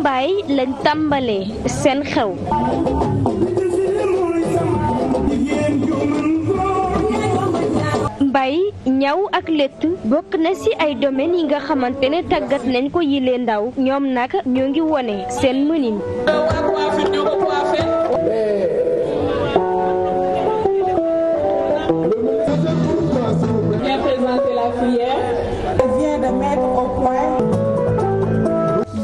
Mbaye lañ tàmbalee seen xew. ñaw ak létt bokk na ci ay domaines yi nga xamante ne tàggat nañ ko yile ndaw ñoom nag ñoo ngi wone seen mënin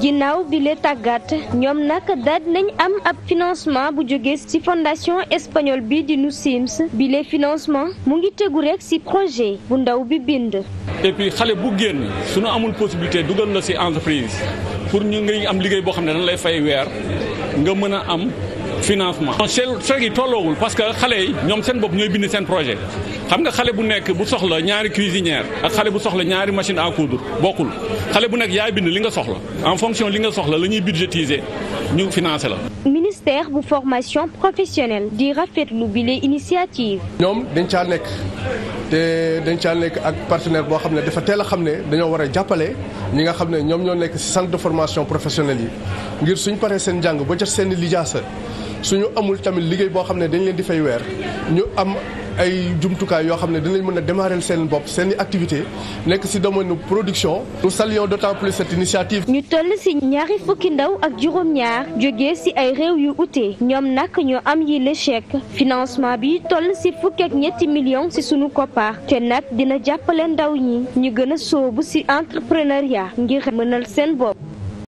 ginnaaw bi le tàggat ñoom nag daal nañ am ab financement bu jóge ci fondation espagnole bi di nu sims bi le financement mu ngi tegu rek ci projet bu ndaw bi bind. et puis xale bu génn su nu amul possibilité dugal na ci entreprise pour ñu ngi am liggéey boo xam ne dañ lay fay weer nga mën a am. financement. non chèque yi tolloowul parce que xale yi ñoom seen bopp ñooy bind seen projet xam nga xale bu nekk bu soxla ñaari cuisinière ak xale bu soxla ñaari machine à coudre bokkul xale bu nekk yaay bind li nga soxla en fonction li nga soxla la ñuy budgétiser ñu financer la. ministère bu formation professionnelle di rafetlu bile initiative. ñoom dañ caa nekk te dañ caa nekk ak partenaire boo xam ne dafa teel a xam ne dañoo war a jàppale ñi nga xam ne ñoom ñoo nekk ci centre de formation yi ngir suñ paree seen jàng ba jot seen lijaasa suñu amul tamit liggéey boo xam ne dañu leen di fay weer ñu am ay jumtukaay yoo xam ne dinañ mën a démarrer seen bopp seen i activité nekk ci domaine production. nous saluons d'autant plus cette initiative. ñu toll ci ñaari fukki ndaw ak juróom-ñaar jógee ci ay réew yu ute ñoom nag ñoo am yi le chèque financement bi toll ci fukki ak ñetti millions ci suñu koppar te nag dina jàppale ndaw ñi ñu gën a sóobu ci entrepreneuriat ngir mënal seen bopp.